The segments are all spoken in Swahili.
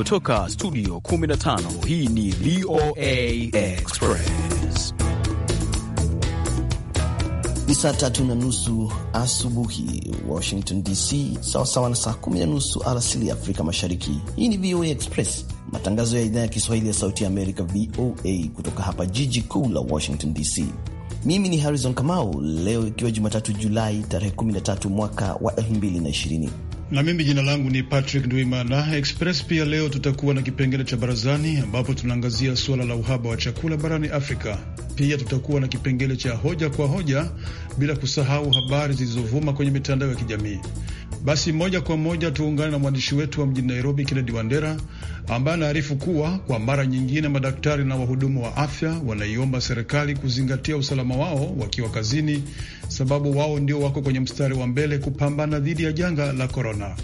Kutoka studio 15 hii ni VOA Express. Ni saa tatu na nusu asubuhi Washington DC, sawasawa na saa kumi na nusu alasiri ya Afrika Mashariki. Hii ni VOA Express, matangazo ya idhaa ya Kiswahili ya Sauti ya Amerika, VOA, kutoka hapa jiji kuu la Washington DC. Mimi ni Harrison Kamau. Leo ikiwa Jumatatu Julai tarehe 13 mwaka wa 2020 na mimi jina langu ni Patrick Ndwimana. Express pia leo tutakuwa na kipengele cha barazani, ambapo tunaangazia suala la uhaba wa chakula barani Afrika. Pia tutakuwa na kipengele cha hoja kwa hoja, bila kusahau habari zilizovuma kwenye mitandao ya kijamii. Basi moja kwa moja tuungane na mwandishi wetu wa mjini Nairobi, Kennedy Wandera, ambaye anaarifu kuwa kwa mara nyingine madaktari na wahudumu wa afya wanaiomba serikali kuzingatia usalama wao wakiwa kazini, sababu wao ndio wako kwenye mstari wa mbele kupambana dhidi ya janga la korona.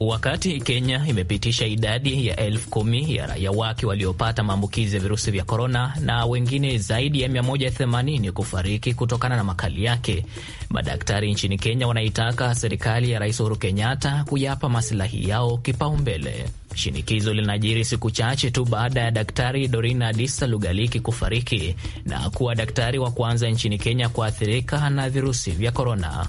Wakati Kenya imepitisha idadi ya elfu kumi ya raia wake waliopata maambukizi ya virusi vya korona na wengine zaidi ya 180 kufariki kutokana na makali yake, madaktari nchini Kenya wanaitaka serikali ya Rais Uhuru Kenyatta kuyapa masilahi yao kipaumbele. Shinikizo linajiri siku chache tu baada ya Daktari Dorina Adisa Lugaliki kufariki na kuwa daktari wa kwanza nchini Kenya kuathirika na virusi vya korona.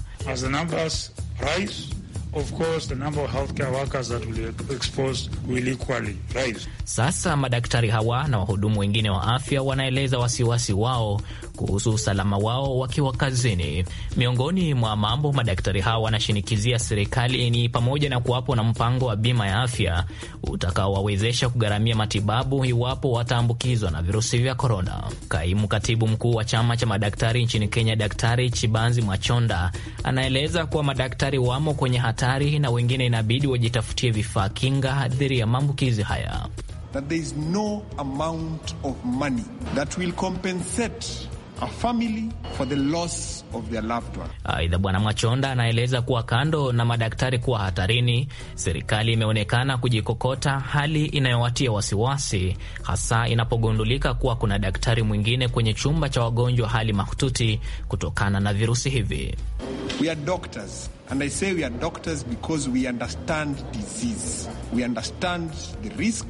Of course, the number of healthcare workers that will be exposed will equally rise. Sasa madaktari hawa na wahudumu wengine wa afya wanaeleza wasiwasi wao kuhusu usalama wao wakiwa kazini. Miongoni mwa mambo madaktari hao wanashinikizia serikali ni pamoja na kuwapo na mpango wa bima ya afya utakaowawezesha kugharamia matibabu iwapo wataambukizwa na virusi vya korona. Kaimu katibu mkuu wa chama cha madaktari nchini Kenya, Daktari Chibanzi Mwachonda, anaeleza kuwa madaktari wamo kwenye hatari na wengine inabidi wajitafutie vifaa kinga dhidi ya maambukizi haya. That there is no amount of money that will compensate Aidha, Bwana Mwachonda anaeleza kuwa kando na madaktari kuwa hatarini, serikali imeonekana kujikokota, hali inayowatia wasiwasi, hasa inapogundulika kuwa kuna daktari mwingine kwenye chumba cha wagonjwa hali mahututi kutokana na virusi hivi. We are doctors. And I say we are doctors because we understand disease. We understand the risk.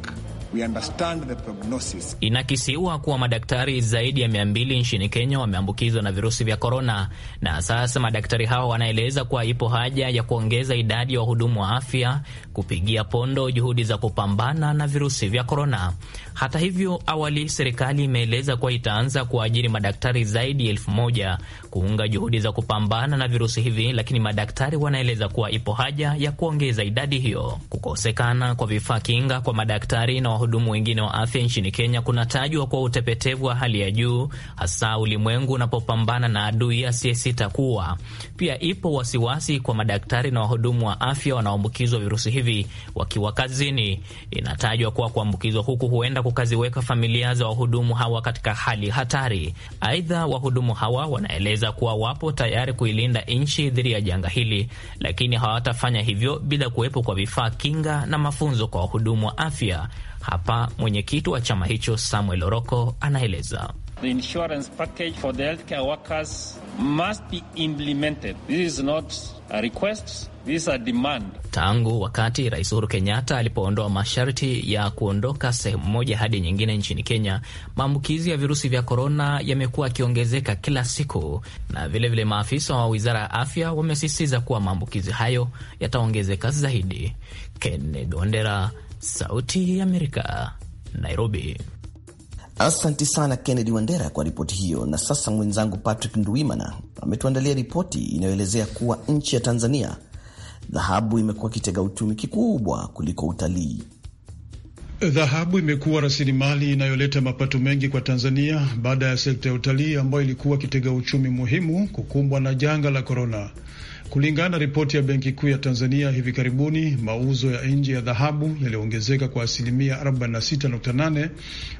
Inakisiwa kuwa madaktari zaidi ya mia mbili nchini Kenya wameambukizwa na virusi vya korona, na sasa madaktari hao wanaeleza kuwa ipo haja ya kuongeza idadi ya wa wahudumu wa afya kupigia pondo juhudi za kupambana na virusi vya korona. Hata hivyo, awali serikali imeeleza kuwa itaanza kuajiri madaktari zaidi ya elfu moja kuunga juhudi za kupambana na virusi hivi, lakini madaktari wanaeleza kuwa ipo haja ya kuongeza idadi hiyo. Kukosekana kwa vifaa kinga kwa madaktari na wahudumu wengine wa afya nchini Kenya kunatajwa kwa utepetevu wa hali ya juu, hasa ulimwengu unapopambana na adui asiyesita kuwa. Pia ipo wasiwasi kwa madaktari na wahudumu wa afya wanaoambukizwa virusi hivi wakiwa kazini. Inatajwa kuwa kuambukizwa huku huenda kukaziweka familia za wahudumu hawa katika hali hatari. Aidha, wahudumu hawa wanaeleza kuwa wapo tayari kuilinda nchi dhidi ya janga hili, lakini hawatafanya hivyo bila kuwepo kwa vifaa kinga na mafunzo kwa wahudumu wa afya. Hapa mwenyekiti wa chama hicho Samuel Oroko anaeleza. The insurance package for the healthcare workers must be implemented. This is not a request, this is a demand. Tangu wakati Rais Uhuru Kenyatta alipoondoa masharti ya kuondoka sehemu moja hadi nyingine nchini Kenya, maambukizi ya virusi vya korona yamekuwa yakiongezeka kila siku, na vilevile vile maafisa wa Wizara ya Afya wamesisitiza kuwa maambukizi hayo yataongezeka zaidi. Kennedy Ondera, Sauti ya Amerika, Nairobi. Asanti sana Kennedy Wandera kwa ripoti hiyo. Na sasa mwenzangu Patrick Nduimana ametuandalia ripoti inayoelezea kuwa nchi ya Tanzania dhahabu imekuwa kitega uchumi kikubwa kuliko utalii. Dhahabu imekuwa rasilimali inayoleta mapato mengi kwa Tanzania baada ya sekta ya utalii ambayo ilikuwa kitega uchumi muhimu kukumbwa na janga la korona. Kulingana na ripoti ya Benki Kuu ya Tanzania hivi karibuni, mauzo ya nje ya dhahabu yaliyoongezeka kwa asilimia 46.8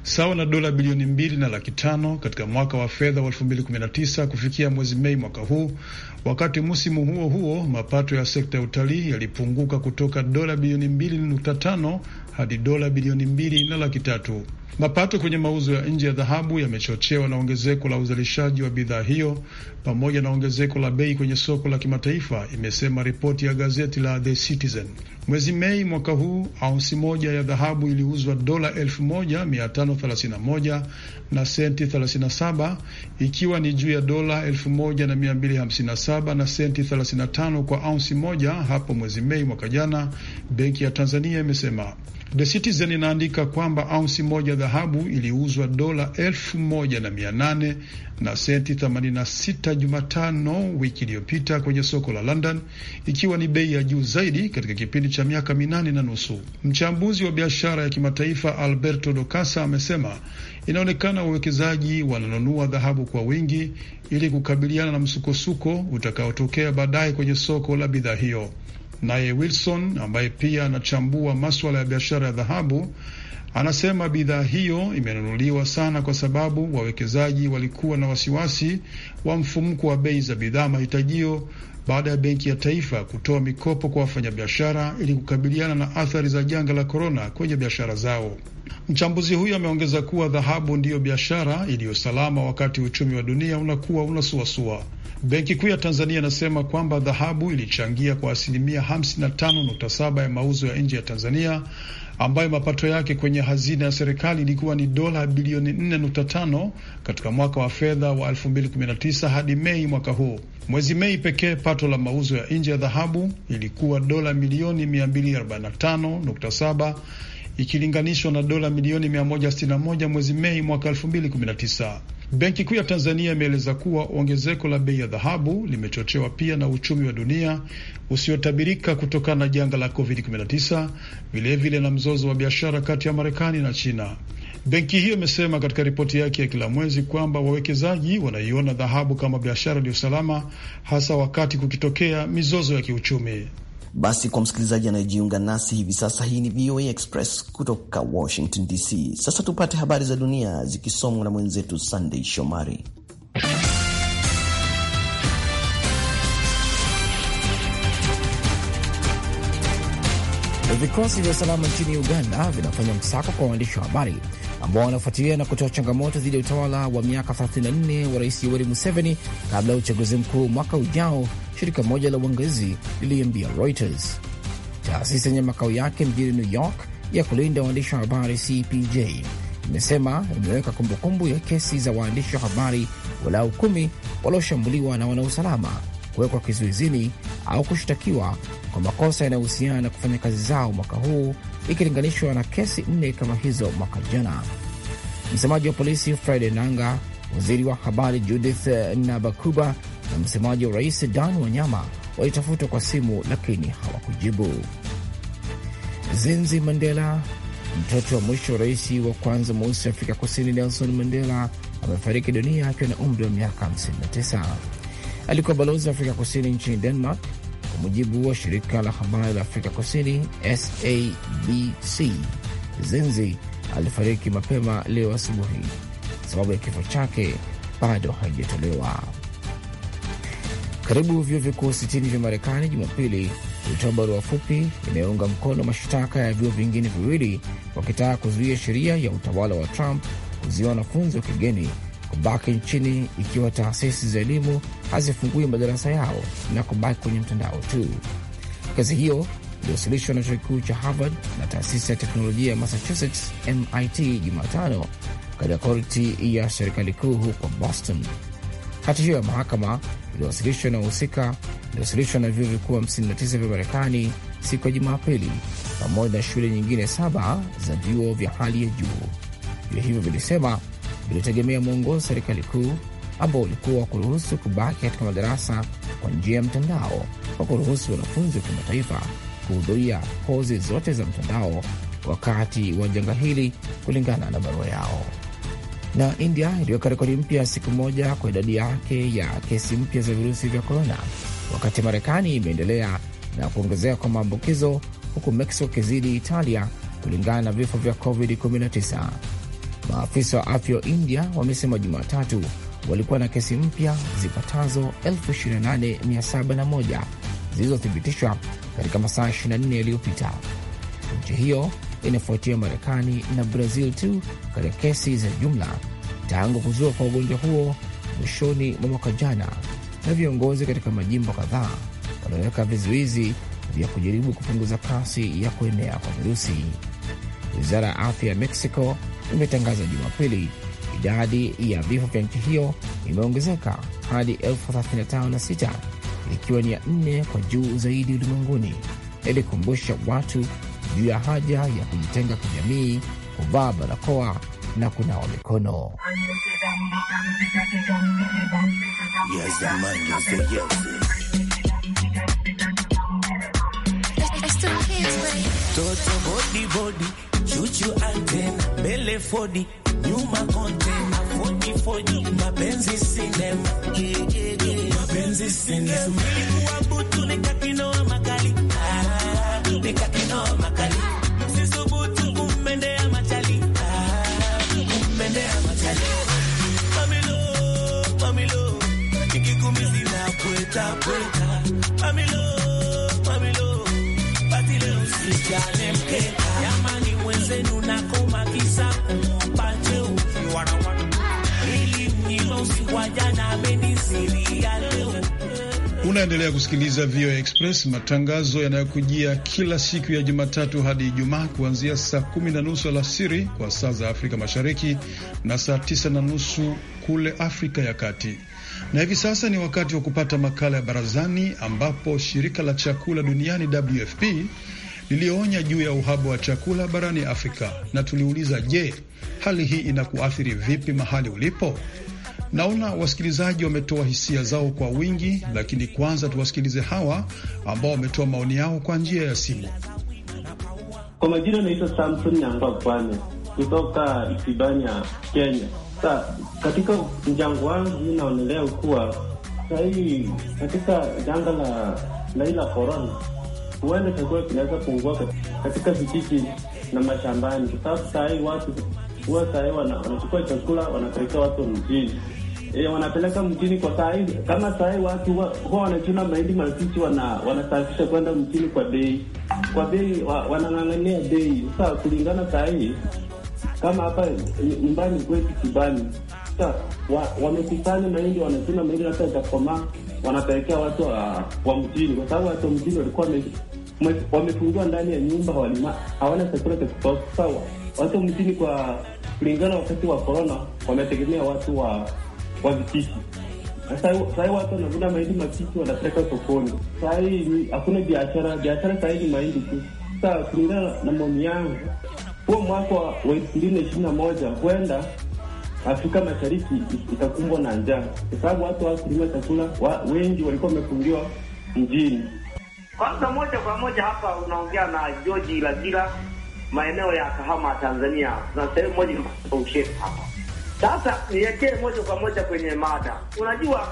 sawa na dola bilioni mbili na laki tano katika mwaka wa fedha wa 2019 kufikia mwezi Mei mwaka huu, wakati msimu huo huo mapato ya sekta ya utalii yalipunguka kutoka dola bilioni 2.5 hadi dola bilioni mbili na laki tatu. Mapato kwenye mauzo ya nje ya dhahabu yamechochewa na ongezeko la uzalishaji wa bidhaa hiyo pamoja na ongezeko la bei kwenye soko la kimataifa kitaifa, imesema ripoti ya gazeti la The Citizen. Mwezi Mei mwaka huu aunsi moja ya dhahabu iliuzwa dola 1531 na senti 37 ikiwa ni juu ya dola 1257 na senti 35 kwa aunsi moja hapo mwezi Mei mwaka jana, benki ya Tanzania imesema. The Citizen inaandika kwamba aunsi moja dhahabu iliuzwa dola elfu moja na mia nane na senti 86 Jumatano wiki iliyopita kwenye soko la London, ikiwa ni bei ya juu zaidi katika kipindi cha miaka minane na nusu. Mchambuzi wa biashara ya kimataifa Alberto Docasa amesema inaonekana wawekezaji wananunua dhahabu kwa wingi ili kukabiliana na msukosuko utakaotokea baadaye kwenye soko la bidhaa hiyo. Naye Wilson ambaye pia anachambua maswala ya biashara ya dhahabu anasema bidhaa hiyo imenunuliwa sana kwa sababu wawekezaji walikuwa na wasiwasi wa mfumko wa bei za bidhaa mahitajio baada ya Benki ya Taifa kutoa mikopo kwa wafanyabiashara ili kukabiliana na athari za janga la korona kwenye biashara zao. Mchambuzi huyo ameongeza kuwa dhahabu ndiyo biashara iliyosalama wakati uchumi wa dunia unakuwa unasuasua. Benki Kuu ya Tanzania inasema kwamba dhahabu ilichangia kwa asilimia 55.7 ya mauzo ya nje ya Tanzania ambayo mapato yake kwenye hazina ya serikali ilikuwa ni dola bilioni 4.5 katika mwaka wa fedha wa 2019 hadi Mei mwaka huu. Mwezi Mei pekee pato la mauzo ya nje ya dhahabu ilikuwa dola milioni 245.7 ikilinganishwa na dola milioni 161 mwezi Mei mwaka 2019. Benki Kuu ya Tanzania imeeleza kuwa ongezeko la bei ya dhahabu limechochewa pia na uchumi wa dunia usiotabirika kutokana na janga la COVID-19, vilevile na mzozo wa biashara kati ya Marekani na China. Benki hiyo imesema katika ripoti yake ya kila mwezi kwamba wawekezaji wanaiona dhahabu kama biashara iliyosalama hasa wakati kukitokea mizozo ya kiuchumi. Basi kwa msikilizaji anayejiunga nasi hivi sasa, hii ni VOA Express kutoka Washington DC. Sasa tupate habari za dunia zikisomwa na mwenzetu sandey Shomari. Vikosi vya usalama nchini Uganda vinafanya msako kwa waandishi wa habari ambao wanafuatilia na kutoa changamoto dhidi ya utawala wa miaka 34 wa Rais Yoweri Museveni kabla ya uchaguzi mkuu mwaka ujao, shirika moja la uangazi liliambia Reuters. Taasisi yenye makao yake mjini New York ya kulinda waandishi wa habari CPJ imesema imeweka kumbukumbu ya kesi za waandishi wa habari walau kumi walioshambuliwa na wanausalama kuwekwa kizuizini au kushtakiwa kwa makosa yanayohusiana na kufanya kazi zao mwaka huu ikilinganishwa na kesi nne kama hizo mwaka jana. Msemaji wa polisi Friday Nanga, waziri wa habari Judith Nabakuba na msemaji wa rais Dan Wanyama walitafutwa kwa simu lakini hawakujibu. Zinzi Mandela, mtoto wa mwisho wa rais wa kwanza mweusi wa Afrika Kusini Nelson Mandela, amefariki dunia akiwa na umri wa miaka 59 alikuwa balozi wa Afrika Kusini nchini Denmark, kwa mujibu wa shirika la habari la Afrika Kusini SABC. Zenzi alifariki mapema leo asubuhi. Sababu ya kifo chake bado haijatolewa. Karibu vyuo vikuu s vya Marekani Jumapili ilitoa barua fupi inayounga mkono mashtaka ya vyuo vingine viwili wakitaka kuzuia sheria ya utawala wa Trump kuzuia wanafunzi wa kigeni kubaki nchini ikiwa taasisi za elimu hazifungui madarasa yao na kubaki kwenye mtandao tu. Kazi hiyo iliwasilishwa na chuo kikuu cha Harvard na taasisi ya teknolojia ya Massachusetts MIT Jumatano katika korti ya serikali kuu huko Boston. Hati hiyo ya mahakama iliwasilishwa na wahusika, iliwasilishwa na vyuo vikuu 59 vya Marekani siku ya Jumapili, pamoja na shule nyingine saba za vyuo vya hali ya juu. Vyuo hivyo vilisema ilitegemea mwongozo wa serikali kuu ambao ulikuwa kuruhusu kubaki katika madarasa kwa njia ya mtandao kwa kuruhusu wanafunzi wa kimataifa kuhudhuria kozi zote za mtandao wakati wa janga hili, kulingana na barua yao. Na India iliweka rekodi mpya siku moja kwa idadi yake ya kesi mpya za virusi vya korona, wakati Marekani imeendelea na kuongezeka kwa maambukizo, huku Mexico ikizidi Italia kulingana na vifo vya COVID-19. Maafisa wa afya wa India wamesema Jumatatu walikuwa na kesi mpya zipatazo 28701 zilizothibitishwa katika masaa 24 yaliyopita. Nchi hiyo inafuatia Marekani na Brazil tu katika kesi za jumla tangu kuzua kwa ugonjwa huo mwishoni mwa mwaka jana, na viongozi katika majimbo kadhaa wanaoweka vizuizi vya kujaribu kupunguza kasi ya kuenea kwa virusi. Wizara ya afya ya Mexico imetangaza Jumapili idadi ya vifo vya nchi hiyo imeongezeka hadi elfu thelathini na tano na sita ikiwa ni ya nne kwa juu zaidi ulimwenguni, ilikumbusha watu juu ya haja ya kujitenga kijamii, kuvaa barakoa na kunawa mikono. chuchu antena, bele fodi nyuma kontena, fodi fodi mapenzi sinema, mapenzi sinema. Nilikuwa butu nikakinoa ah, makali, nikakinoa makali, sisubutu kummendea machali, kummendea machali, mamilo mamilo, ikikumizi na pweta pweta, mamilo mamilo, batile usichane mkeka Unaendelea kusikiliza VOA Express, matangazo yanayokujia kila siku ya Jumatatu hadi Ijumaa, kuanzia saa kumi na nusu alasiri kwa saa za Afrika Mashariki na saa tisa na nusu kule Afrika ya Kati. Na hivi sasa ni wakati wa kupata makala ya Barazani, ambapo shirika la chakula duniani WFP lilionya juu ya uhaba wa chakula barani Afrika, na tuliuliza, je, hali hii inakuathiri vipi mahali ulipo? Naona wasikilizaji wametoa hisia zao kwa wingi, lakini kwanza tuwasikilize hawa ambao wametoa maoni yao kwa njia ya simu. Kwa majina naitwa Samson Nyamba Bwana kutoka Isibanya, Kenya. Sa, katika mjango wangu mi naonelea kuwa sahii katika janga la ila korona huenda chakula kinaweza pungua katika vijiji na mashambani, kwa sababu sahii watu huwa saa hii wanachukua chakula wanapelekea watu mjini. E, wanapeleka mjini kwa sahi, Kama sahi watu huwa wanachuna mahindi mazichi, wana wanasafisha kwenda mjini kwa bei, kwa bei wa, wanang'ang'ania bei. Sa kulingana sahi kama hapa nyumbani kwetu Kibani, sa wa, wamekusanya mahindi, wanachuna mahindi, hata itakomaa wanapelekea watu wa mjini, kwa sababu watu wa mjini walikuwa wamefungiwa ndani ya nyumba, hawana chakula cha kutosha. Sawa, Watu mjini kwa kulingana, wakati wa korona wametegemea watu wa wa vijiji. Sahii watu wanavuna mahindi mabichi wanapeleka sokoni. Sahii hakuna biashara, biashara sahii ni mahindi tu. Sasa kulingana na maoni yangu, huo mwaka wa elfu mbili na ishirini na moja huenda Afrika Mashariki itakumbwa na njaa, kwa sababu watu wakulima chakula, wengi walikuwa wamefungiwa mjini. Kwanza moja kwa moja hapa unaongea na George Lagila, maeneo ya Kahama, Tanzania, na sehemu moja ushe hapa. Sasa niekee moja kwa moja kwenye mada. Unajua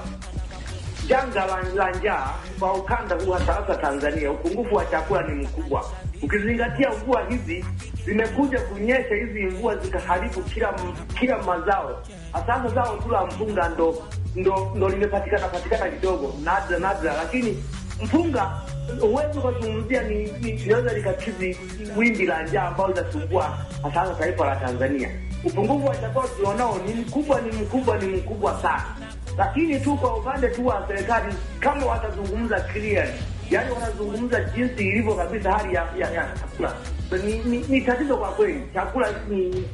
janga la njaa kwa ukanda huu, hasa hasa Tanzania, upungufu wa chakula ni mkubwa, ukizingatia mvua hizi zimekuja kunyesha, hizi mvua zikaharibu kila kila mazao, hasa zao tu la mpunga ndo ndo, ndo limepatikana patikana kidogo, nadra nadra, lakini mpunga huwezi ukazungumzia, inaweza likatizi wimbi la njaa ambao linasumbua hasa taifa la Tanzania. Upungufu wa chakula tulionao ni mkubwa, ni mkubwa, ni mkubwa sana, lakini tu kwa upande tu wa serikali, kama watazungumza clear, yani wanazungumza jinsi ilivyo kabisa hali ya chakula ni, ni, ni tatizo kwa kweli. Chakula ni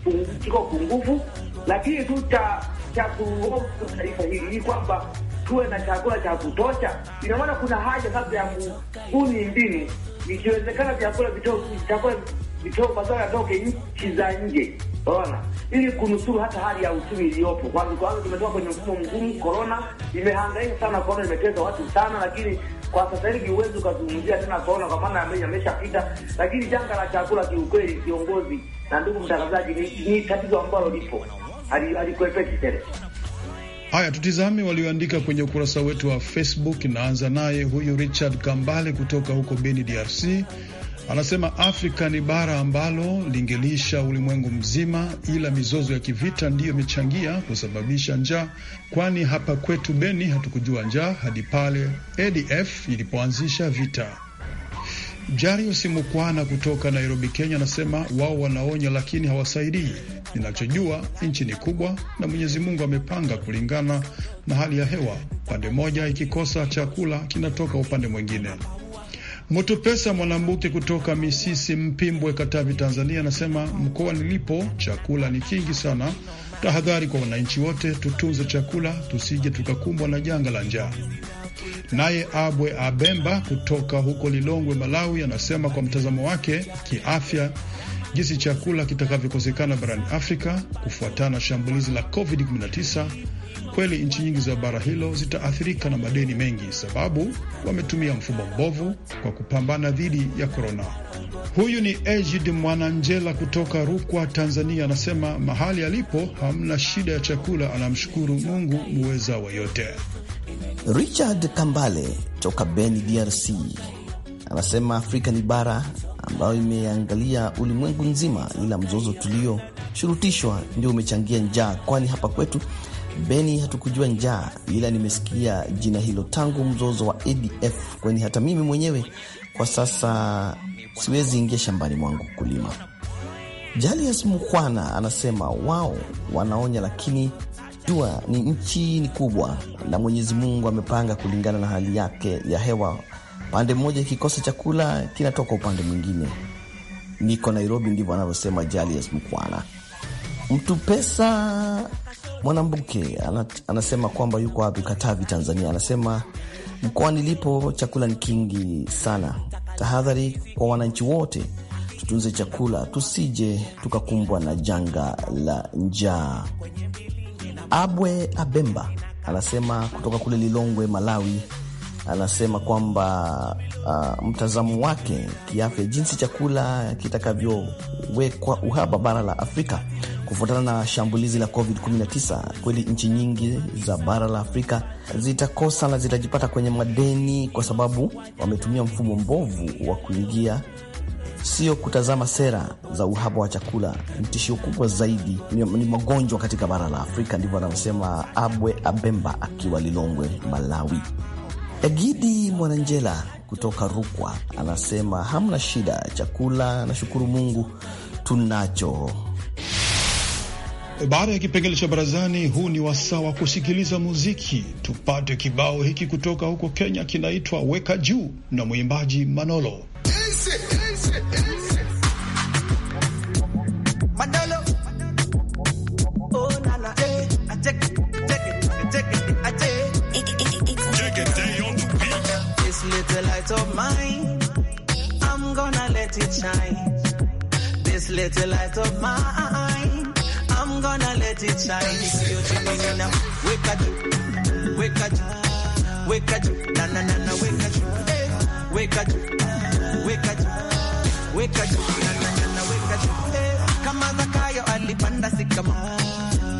kiko pungufu, lakini tu cha cha kuoa taifa hili ni kwamba tuwe na chakula cha kutosha. Ina maana kuna haja sasa ya kubuni mbinu, ikiwezekana vyakula vitoke, chakula vitoke, mazao yatoke nchi za nje, unaona, ili kunusuru hata hali ya uchumi iliyopo. Kwanza kwanza tumetoka kwenye mfumo mgumu, korona imehangaika sana, corona imeteza watu sana, lakini kwa sasa hivi huwezi ukazungumzia tena corona kwa maana yameshapita, lakini janga la chakula kiukweli, kiongozi na ndugu mtangazaji, ni tatizo ambalo lipo, halikuepeki tena. Haya, tutizame walioandika kwenye ukurasa wetu wa Facebook. Naanza naye huyu Richard Kambale kutoka huko Beni, DRC. Anasema Afrika ni bara ambalo lingelisha ulimwengu mzima, ila mizozo ya kivita ndiyo imechangia kusababisha njaa, kwani hapa kwetu Beni hatukujua njaa hadi pale ADF ilipoanzisha vita. Jarius Mukwana kutoka Nairobi, Kenya, anasema wao wanaonya lakini hawasaidii. Ninachojua nchi ni kubwa na Mwenyezi Mungu amepanga kulingana na hali ya hewa. Pande moja ikikosa chakula kinatoka upande mwingine. pesa Mwanambuke kutoka Misisi Mpimbwe, Katavi, Tanzania, anasema mkoa nilipo chakula ni kingi sana. Tahadhari kwa wananchi wote, tutunze chakula tusije tukakumbwa na janga la njaa. Naye Abwe Abemba kutoka huko Lilongwe, Malawi, anasema kwa mtazamo wake kiafya, jinsi chakula kitakavyokosekana barani Afrika kufuatana na shambulizi la COVID-19 kweli nchi nyingi za bara hilo zitaathirika na madeni mengi, sababu wametumia mfumo mbovu kwa kupambana dhidi ya korona. Huyu ni Ejid Mwananjela kutoka Rukwa, Tanzania, anasema mahali alipo hamna shida ya chakula, anamshukuru Mungu muweza wa yote. Richard Kambale toka Beni, DRC, anasema Afrika ni bara ambayo imeangalia ulimwengu nzima, ila mzozo tulioshurutishwa ndio umechangia njaa, kwani hapa kwetu Beni hatukujua njaa, ila nimesikia jina hilo tangu mzozo wa ADF, kwani hata mimi mwenyewe kwa sasa siwezi ingia shambani mwangu kulima. Julius mkwana anasema wao wanaonya, lakini jua ni nchi ni kubwa na Mwenyezi Mungu amepanga kulingana na hali yake ya hewa. Pande mmoja ikikosa chakula kinatoka upande mwingine. Niko Nairobi, ndivyo anavyosema Jalias Mkwana. Mtu pesa Mwanambuke anasema kwamba yuko wapi? Katavi, Tanzania. Anasema mkoa nilipo chakula ni kingi sana. Tahadhari kwa wananchi wote, tutunze chakula tusije tukakumbwa na janga la njaa. Abwe Abemba anasema kutoka kule Lilongwe, Malawi anasema kwamba uh, mtazamo wake kiafya, jinsi chakula kitakavyowekwa uhaba bara la Afrika kufuatana na shambulizi la COVID-19. Kweli nchi nyingi za bara la Afrika zitakosa na zitajipata kwenye madeni kwa sababu wametumia mfumo mbovu wa kuingia sio kutazama sera za uhaba wa chakula. Ni tishio kubwa zaidi, ni, ni magonjwa katika bara la Afrika. Ndivyo anavyosema Abwe Abemba akiwa Lilongwe, Malawi. Egidi Mwananjela kutoka Rukwa anasema hamna shida, chakula nashukuru Mungu tunacho. Baada ya kipengele cha barazani, huu ni wasaa wa kusikiliza muziki. Tupate kibao hiki kutoka huko Kenya, kinaitwa weka juu na mwimbaji Manolo Isi. This little light of mine, I'm gonna let it shine. If you think now, wake up, wake up, wake up, na na na na, wake up, wake up, wake up, wake up, na na na na, wake up. Eh. Kama Zakayo alipanda sikama,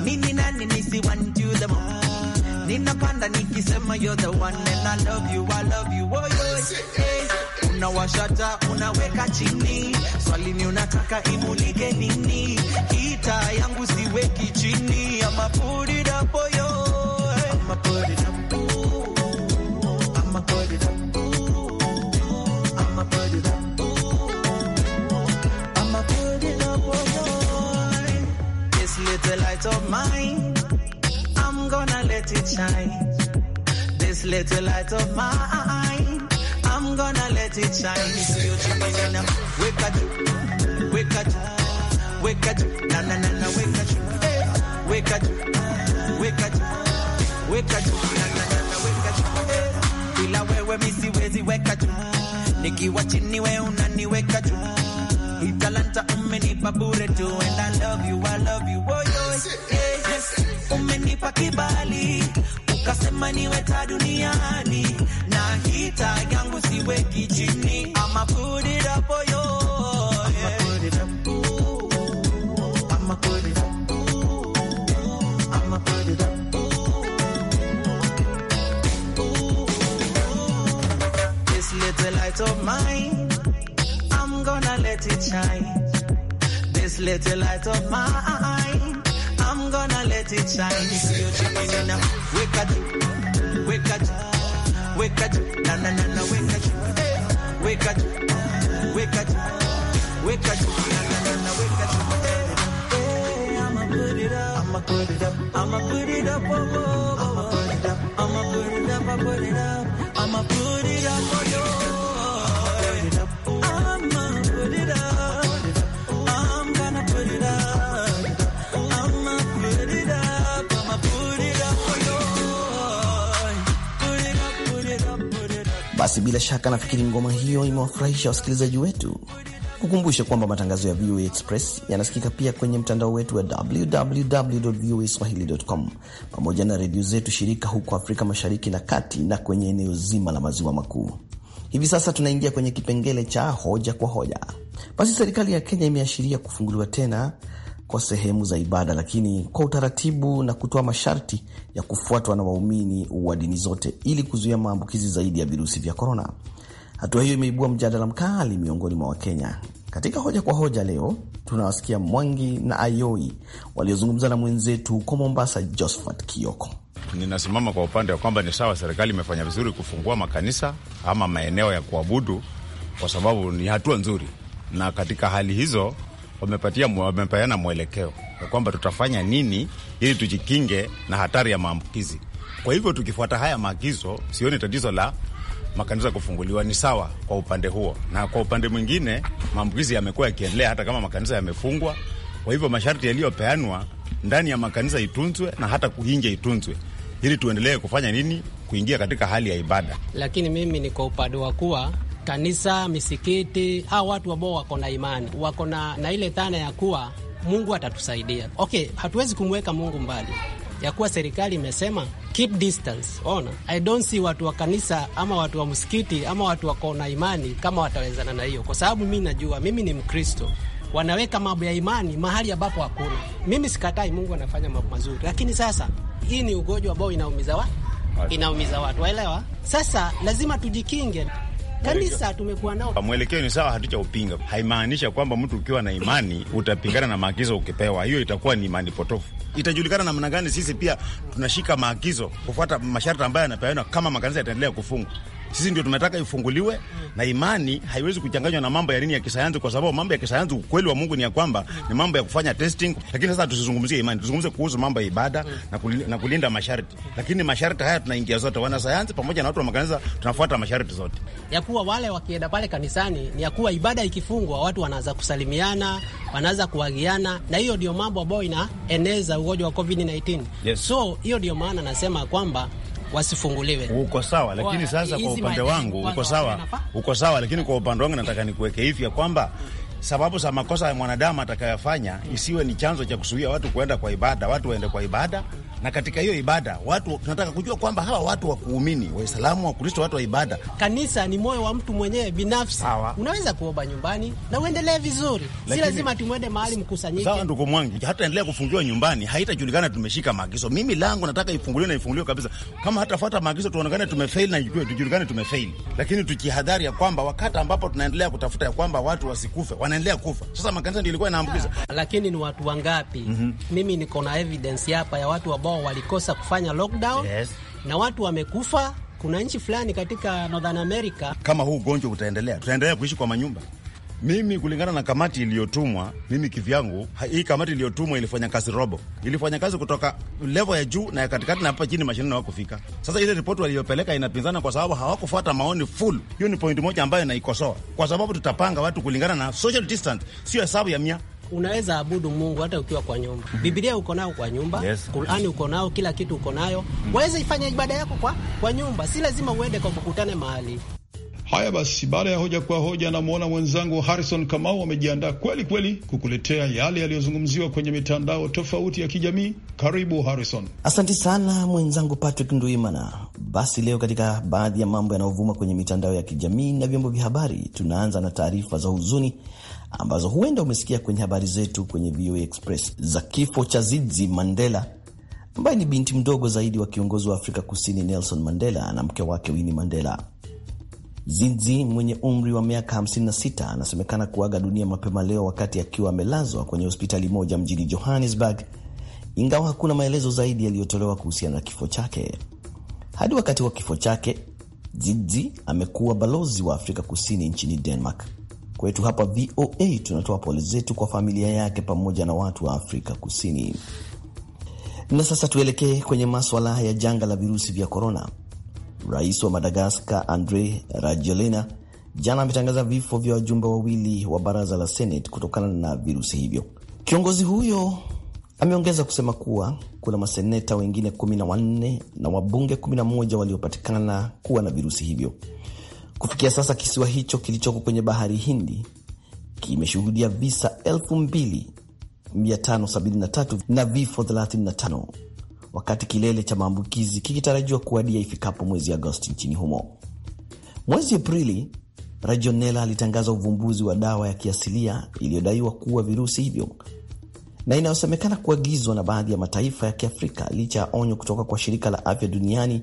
nini nani nisi one to the moon. Ninapanda nikisema you're the one and I love you, I love you, oh, oh, oh unawashata unaweka chini, swali ni unataka imulike nini? Kita yangu siweki chini, ama put it up for oh, oh, Little light of mine, I'm gonna let it shine. This little light of mine, I'm gonna let it shine. It's beautiful now. Wake up, wake up, wake up, na na na na, wake up, hey. wake up, wake up, wake up, na na na na, wake up, hey. Kila wewe misi wezi weka tu, nikiwa chini wewe unaniweka tu. Hii talanta umenipa bure tu, and I love you, I love you, oh, yo, yes, yes. Umenipa kibali kasema niweta duniani na hita yangu siweki chini ama put it of mine, I'm gonna let it shine. This little light of mine, I'm gonna let it shine. Wake up, wake up, wake up, na na na na, wake up, wake up, wake up, wake up, na na na na, wake up. I'ma put it up, I'ma put it up, I'ma put it up, oh, oh, oh, I'ma put it up, I'ma put it up, I'ma put it up for you. Basi bila shaka nafikiri ngoma hiyo imewafurahisha wasikilizaji wetu. Kukumbushe kwamba matangazo ya VOA Express yanasikika pia kwenye mtandao wetu wa www voa swahili.com pamoja na redio zetu shirika huko Afrika Mashariki na Kati na kwenye eneo zima la maziwa makuu. Hivi sasa tunaingia kwenye kipengele cha hoja kwa hoja. Basi serikali ya Kenya imeashiria kufunguliwa tena kwa sehemu za ibada, lakini kwa utaratibu na kutoa masharti ya kufuatwa na waumini wa dini zote ili kuzuia maambukizi zaidi ya virusi vya korona. Hatua hiyo imeibua mjadala mkali miongoni mwa Wakenya. Katika hoja kwa hoja leo tunawasikia Mwangi na Ayoi waliozungumza na mwenzetu huko Mombasa, Josphat Kioko. Ninasimama kwa upande wa kwamba ni sawa, serikali imefanya vizuri kufungua makanisa ama maeneo ya kuabudu, kwa sababu ni hatua nzuri, na katika hali hizo wamepatia wamepeana mwelekeo ya kwamba tutafanya nini ili tujikinge na hatari ya maambukizi. Kwa hivyo tukifuata haya maagizo, sioni tatizo la makanisa kufunguliwa, ni sawa kwa upande huo, na kwa upande mwingine maambukizi yamekuwa yakiendelea hata kama makanisa yamefungwa. Kwa hivyo masharti yaliyopeanwa ndani ya makanisa itunzwe na hata kuinje itunzwe, ili tuendelee kufanya nini, kuingia katika hali ya ibada. Lakini mimi ni kwa upande wa kuwa kanisa, misikiti, hawa watu ambao wako na imani, wako na na ile dhana ya kuwa Mungu atatusaidia. Okay, hatuwezi kumweka Mungu mbali ya kuwa serikali imesema keep distance. Ona, I don't see watu wa kanisa ama watu wa msikiti ama watu wako na imani kama watawezana na hiyo, kwa sababu mi najua mimi ni Mkristo. Wanaweka mambo ya imani mahali ambapo hakuna. Mimi sikatai, Mungu anafanya mambo mazuri, lakini sasa hii ni ugonjwa ambao inaumiza wa inaumiza watu, waelewa? Sasa lazima tujikinge. Kanisa tumekuwa nao mwelekeo ni sawa, hatuchaupinga. Haimaanisha kwamba mtu ukiwa na imani utapingana na maagizo ukipewa, hiyo itakuwa ni imani potofu. Itajulikana namna gani sisi pia tunashika maagizo kufuata masharti ambayo yanapeana, kama makanisa yataendelea kufungwa. Sisi ndio tunataka ifunguliwe mm. na imani haiwezi kuchanganywa na mambo ya nini ya kisayansi, kwa sababu mambo ya kisayansi, ukweli wa Mungu ni ya kwamba ni mambo ya kufanya testing. Lakini sasa tusizungumzie imani, tuzungumze kuhusu mambo ya ibada mm. na, kulinda, na kulinda masharti. Lakini masharti haya tunaingia zote, wanasayansi pamoja na watu wa makanisa tunafuata masharti zote, ya kuwa wale wakienda pale kanisani ni ya kuwa ibada ikifungwa, watu wanaanza kusalimiana, wanaanza kuagiana, na hiyo ndio mambo ambayo inaeneza ugonjwa wa COVID-19. Yes. So hiyo ndio maana nasema kwamba wasifunguliwe. Uko sawa, lakini sasa kwa upande wangu uko sawa, uko sawa, lakini kwa upande wangu nataka nikuweke hivi ya kwamba sababu za makosa ya mwanadamu atakayofanya isiwe ni chanzo cha kusuhia watu kuenda kwa ibada. Watu waende kwa ibada na katika hiyo ibada watu tunataka kujua kwamba hawa watu wa kuumini, Waislamu, Wakristo, watu wa ibada. Kanisa ni moyo wa mtu mwenyewe binafsi. Sawa. Unaweza kuomba nyumbani na uendelee vizuri, si lazima tumwende mahali mkusanyike. Sawa, ndugu mwangu, hata endelea kufungiwa nyumbani, haitajulikana tumeshika maagizo. Mimi lango nataka ifunguliwe na ifunguliwe kabisa, kama hatafuata maagizo tuonekane tumefail na tujulikane tumefail, lakini tukihadhari ya kwamba wakati ambapo tunaendelea kutafuta ya kwamba watu wasikufe, wanaendelea kufa. Sasa makanisa ndio ilikuwa inaambukiza, lakini ni watu wangapi? mm -hmm. Mimi niko na evidence hapa ya watu wa ambao walikosa kufanya lockdown yes. na watu wamekufa. Kuna nchi fulani katika Northern America. Kama huu ugonjwa utaendelea, tutaendelea kuishi kwa manyumba. Mimi kulingana na kamati iliyotumwa, mimi kivyangu, hii kamati iliyotumwa ilifanya kazi robo, ilifanya kazi kutoka level ya juu na ya katikati na hapa chini mashinani hawakufika. Sasa ile ripoti waliyopeleka inapinzana kwa sababu hawakufuata maoni full. Hiyo ni point moja ambayo naikosoa, kwa sababu tutapanga watu kulingana na social distance, sio hesabu ya mia unaweza abudu Mungu hata ukiwa kwa nyumba. Mhm. Bibilia uko nao kwa nyumba, yes. Qur'ani uko nao, kila kitu uko nayo, mhm. waweza ifanya ibada yako kwa, kwa nyumba, si lazima uende kwa kukutane mahali. Haya basi, baada ya hoja kwa hoja, namwona mwenzangu Harrison Kamau amejiandaa kweli kweli kukuletea yale yaliyozungumziwa kwenye mitandao tofauti ya kijamii. Karibu Harrison. Asante sana mwenzangu Patrick Ndwimana. Basi leo katika baadhi ya mambo yanayovuma kwenye mitandao ya kijamii na vyombo vya habari, tunaanza na taarifa za huzuni ambazo huenda umesikia kwenye habari zetu kwenye VOA Express za kifo cha Zidzi Mandela ambaye ni binti mdogo zaidi wa kiongozi wa Afrika Kusini Nelson Mandela na mke wake Winnie Mandela. Zidzi mwenye umri wa miaka 56 anasemekana kuaga dunia mapema leo wakati akiwa amelazwa kwenye hospitali moja mjini Johannesburg, ingawa hakuna maelezo zaidi yaliyotolewa kuhusiana na kifo chake. Hadi wakati wa kifo chake, Zidzi amekuwa balozi wa Afrika Kusini nchini Denmark. Kwetu hapa VOA tunatoa pole zetu kwa familia yake pamoja na watu wa Afrika Kusini. Na sasa tuelekee kwenye maswala ya janga la virusi vya korona. Rais wa Madagaskar Andre Rajoelina jana ametangaza vifo vya wajumbe wawili wa baraza la Senate kutokana na virusi hivyo. Kiongozi huyo ameongeza kusema kuwa kuna maseneta wengine 14 na wabunge 11 waliopatikana kuwa na virusi hivyo. Kufikia sasa kisiwa hicho kilichoko kwenye bahari Hindi kimeshuhudia visa 2573 na vifo 35 wakati kilele cha maambukizi kikitarajiwa kuadia ifikapo mwezi Agosti nchini humo. Mwezi Aprili, rajonela alitangaza uvumbuzi wa dawa ya kiasilia iliyodaiwa kuua virusi hivyo na inayosemekana kuagizwa na baadhi ya mataifa ya Kiafrika licha ya onyo kutoka kwa shirika la afya duniani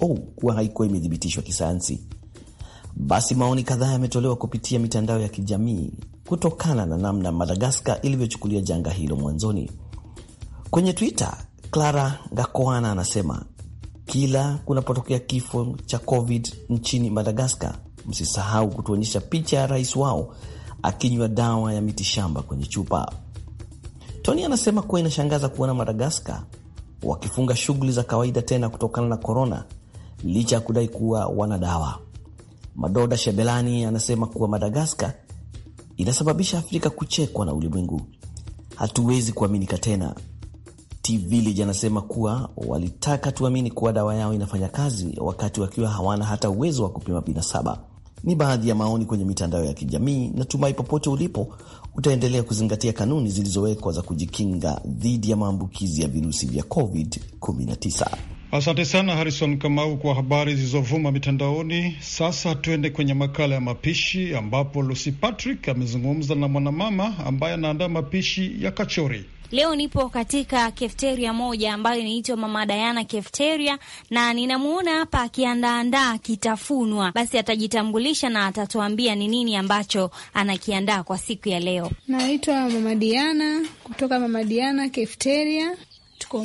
WHO kuwa haikuwa imethibitishwa kisayansi. Basi maoni kadhaa yametolewa kupitia mitandao ya kijamii kutokana na namna Madagaskar ilivyochukulia janga hilo mwanzoni. Kwenye Twitter, Clara Gakoana anasema kila kunapotokea kifo cha COVID nchini Madagaskar, msisahau kutuonyesha picha ya rais wao akinywa dawa ya mitishamba kwenye chupa. Tony anasema kuwa inashangaza kuona Madagaskar wakifunga shughuli za kawaida tena kutokana na korona, licha ya kudai kuwa wana dawa. Madoda Shebelani anasema kuwa Madagaskar inasababisha Afrika kuchekwa na ulimwengu. Hatuwezi kuaminika tena. T Village anasema kuwa walitaka tuamini kuwa dawa yao inafanya kazi wakati wakiwa hawana hata uwezo wa kupima vinasaba. Ni baadhi ya maoni kwenye mitandao ya kijamii. Natumai popote ulipo utaendelea kuzingatia kanuni zilizowekwa za kujikinga dhidi ya maambukizi ya virusi vya COVID-19. Asante sana Harrison Kamau kwa habari zilizovuma mitandaoni. Sasa tuende kwenye makala ya mapishi, ambapo Lucy Patrick amezungumza na mwanamama ambaye anaandaa mapishi ya kachori. Leo nipo katika kefteria moja ambayo inaitwa Mama Dayana Kefteria, na ninamuona hapa akiandaandaa kitafunwa. Basi atajitambulisha na atatuambia ni nini ambacho anakiandaa kwa siku ya leo. Naitwa Mama Diana kutoka Mama Diana Kefteria tuko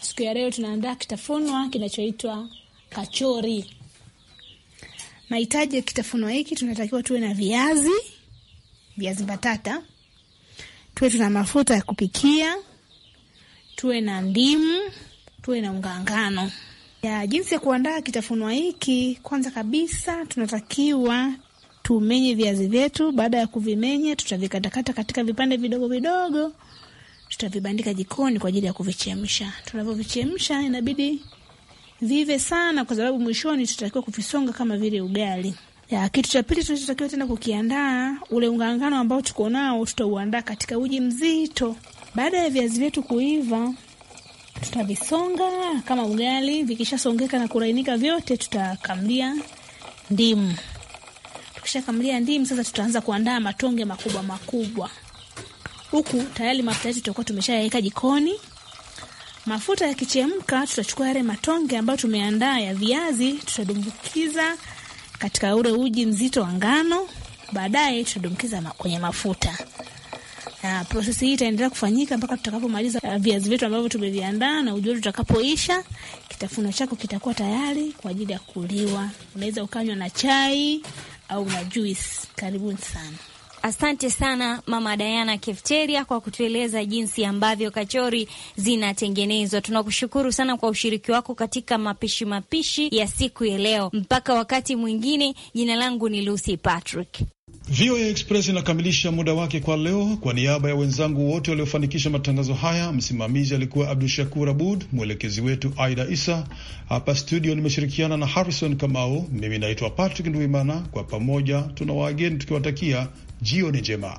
Siku ya leo tunaandaa kitafunwa kinachoitwa kachori. Mahitaji ya kitafunwa hiki, tunatakiwa tuwe na viazi, viazi mbatata, tuwe tuna mafuta ya kupikia, tuwe na ndimu, tuwe na unga ngano. Ya jinsi ya kuandaa kitafunwa hiki, kwanza kabisa tunatakiwa tumenye viazi vyetu. Baada ya kuvimenya, tutavikatakata katika vipande vidogo vidogo tutavibandika jikoni kwa ajili ya kuvichemsha. Tunavyovichemsha inabidi vive sana, kwa sababu mwishoni tutatakiwa kuvisonga kama vile ugali. Ya, kitu cha pili tunachotakiwa tena kukiandaa, ule ungangano ambao tuko nao tutauandaa katika uji mzito. Baada ya viazi vyetu kuiva, tutavisonga kama ugali. Vikishasongeka na kulainika vyote, tutakamlia ndimu. Tukishakamlia ndimu, sasa tutaanza kuandaa matonge makubwa makubwa. Huku tayari mafuta yetu tutakuwa tumeshaweka jikoni. Mafuta yakichemka, tutachukua yale matonge ambayo tumeandaa ya viazi, tutadumbukiza katika ule uji mzito wa ngano, baadaye tutadumbukiza kwenye mafuta. Na prosesi hii itaendelea kufanyika mpaka tutakapomaliza uh, viazi vyetu ambavyo tumeviandaa na uji wetu utakapoisha, kitafuno chako kitakuwa tayari kwa ajili ya kuliwa. Unaweza ukanywa na chai au na juisi. Karibuni sana. Asante sana Mama Dayana Kefteria kwa kutueleza jinsi ambavyo kachori zinatengenezwa. Tunakushukuru sana kwa ushiriki wako katika mapishi mapishi ya siku ya leo. Mpaka wakati mwingine, jina langu ni Lucy Patrick. VOA Express inakamilisha muda wake kwa leo. Kwa niaba ya wenzangu wote waliofanikisha matangazo haya, msimamizi alikuwa Abdu Shakur Abud, mwelekezi wetu Aida Isa. Hapa studio nimeshirikiana na Harrison Kamau. Mimi naitwa Patrick Ndwimana. Kwa pamoja tuna wageni tukiwatakia Jioni njema.